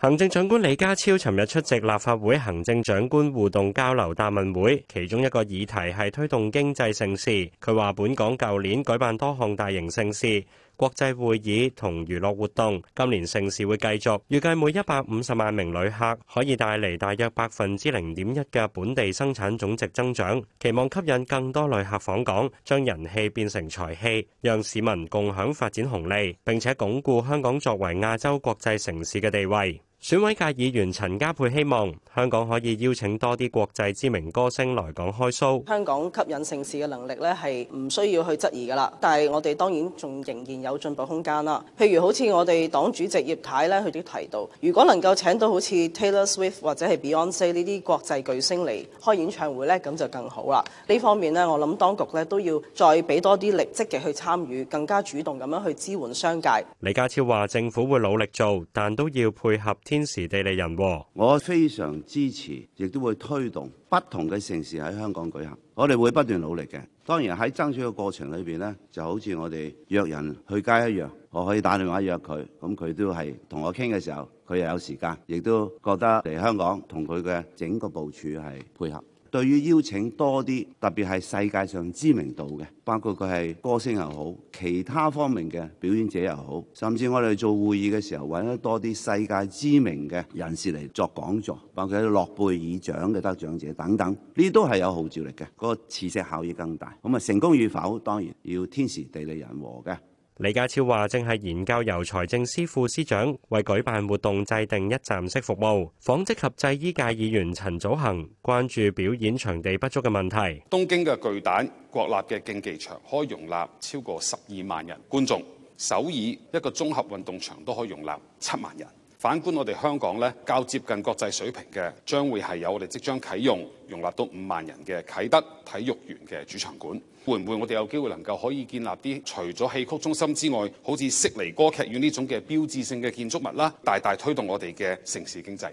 行政長官李家超尋日出席立法會行政長官互動交流答問會，其中一個議題係推動經濟盛事。佢話：本港舊年舉辦多項大型盛事，國際會議同娛樂活動，今年盛事會繼續。預計每一百五十萬名旅客可以帶嚟大約百分之零點一嘅本地生產總值增長。期望吸引更多旅客訪港，將人氣變成財氣，讓市民共享發展紅利，並且鞏固香港作為亞洲國際城市嘅地位。選委界議員陳家佩希望香港可以邀請多啲國際知名歌星來港開 show。香港吸引城市嘅能力呢，係唔需要去質疑噶啦，但係我哋當然仲仍然有進步空間啦。譬如好似我哋黨主席葉太呢，佢都提到，如果能夠請到好似 Taylor Swift 或者係 Beyonce 呢啲國際巨星嚟開演唱會呢，咁就更好啦。呢方面呢，我諗當局呢都要再俾多啲力，積極去參與，更加主動咁樣去支援商界。李家超話政府會努力做，但都要配合。天時地利人和，我非常支持，亦都會推動不同嘅盛事喺香港舉行。我哋會不斷努力嘅。當然喺爭取嘅過程裏邊呢，就好似我哋約人去街一樣，我可以打電話約佢，咁佢都係同我傾嘅時候，佢又有時間，亦都覺得嚟香港同佢嘅整個部署係配合。對於邀請多啲，特別係世界上知名度嘅，包括佢係歌星又好，其他方面嘅表演者又好，甚至我哋做會議嘅時候，揾得多啲世界知名嘅人士嚟作講座，包括係諾貝爾獎嘅得獎者等等，呢都係有號召力嘅，個磁石效益更大。咁啊，成功與否，當然要天時地利人和嘅。李家超話：正係研究由財政司副司長為舉辦活動制定一站式服務。紡織及製衣界議員陳祖恒關注表演場地不足嘅問題。東京嘅巨蛋、國立嘅競技場可以容納超過十二萬人觀眾，首爾一個綜合運動場都可以容納七萬人。反觀我哋香港咧，較接近國際水平嘅，將會係有我哋即將啟用，容納到五萬人嘅啟德體育園嘅主場館。會唔會我哋有機會能夠可以建立啲除咗戲曲中心之外，好似悉尼歌劇院呢種嘅標誌性嘅建築物啦，大大推動我哋嘅城市經濟？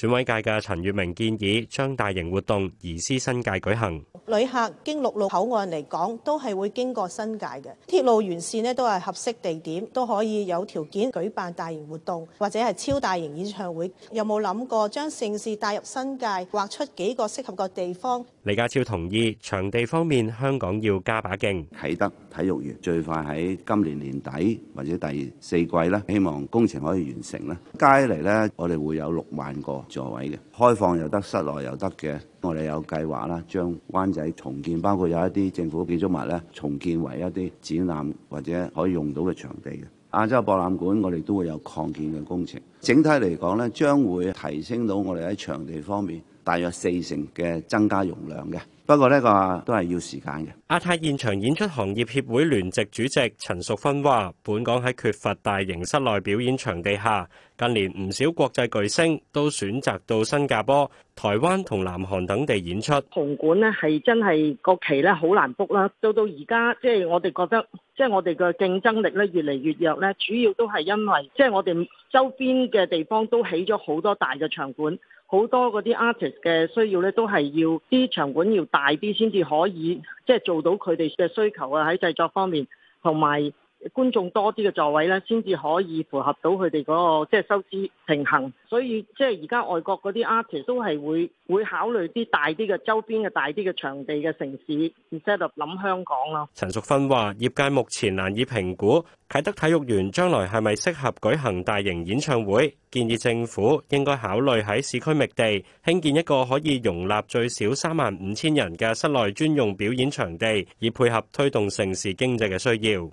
選委界嘅陳月明建議，將大型活動移師新界舉行。旅客經陸路口岸嚟講，都係會經過新界嘅鐵路沿線呢，都係合適地點，都可以有條件舉辦大型活動或者係超大型演唱會。有冇諗過將盛事帶入新界，劃出幾個適合嘅地方？李家超同意，場地方面，香港要加把勁。啟德體育園最快喺今年年底或者第四季咧，希望工程可以完成咧。街嚟咧，我哋會有六萬個座位嘅開放又得，室內又得嘅。我哋有計劃啦，將灣仔重建，包括有一啲政府建築物咧，重建為一啲展覽或者可以用到嘅場地嘅。亞洲博覽館我哋都會有擴建嘅工程。整體嚟講咧，將會提升到我哋喺場地方面。大約四成嘅增加容量嘅，不過呢個都係要時間嘅。亞太現場演出行業協會聯席主席陳淑芬話，本港喺缺乏大型室內表演場地下，近年唔少國際巨星都選擇到新加坡、台灣同南韓等地演出。紅館咧係真係個期咧好難 book 啦，到到而家即係我哋覺得。即係我哋嘅競爭力咧越嚟越弱咧，主要都係因為即係我哋周邊嘅地方都起咗好多大嘅場館，好多嗰啲 artist 嘅需要咧都係要啲場館要大啲先至可以，即係做到佢哋嘅需求啊！喺製作方面同埋，觀眾多啲嘅座位咧，先至可以符合到佢哋嗰個即係收支平衡，所以即係而家外國嗰啲 artist 都係會會考慮啲大啲嘅周邊嘅大啲嘅場地嘅城市，唔喺度諗香港咯。陳淑芬話：業界目前難以評估啟德體育園將來係咪適合舉行大型演唱會，建議政府應該考慮喺市區覓地興建一個可以容納最少三萬五千人嘅室內專用表演場地，以配合推動城市經濟嘅需要。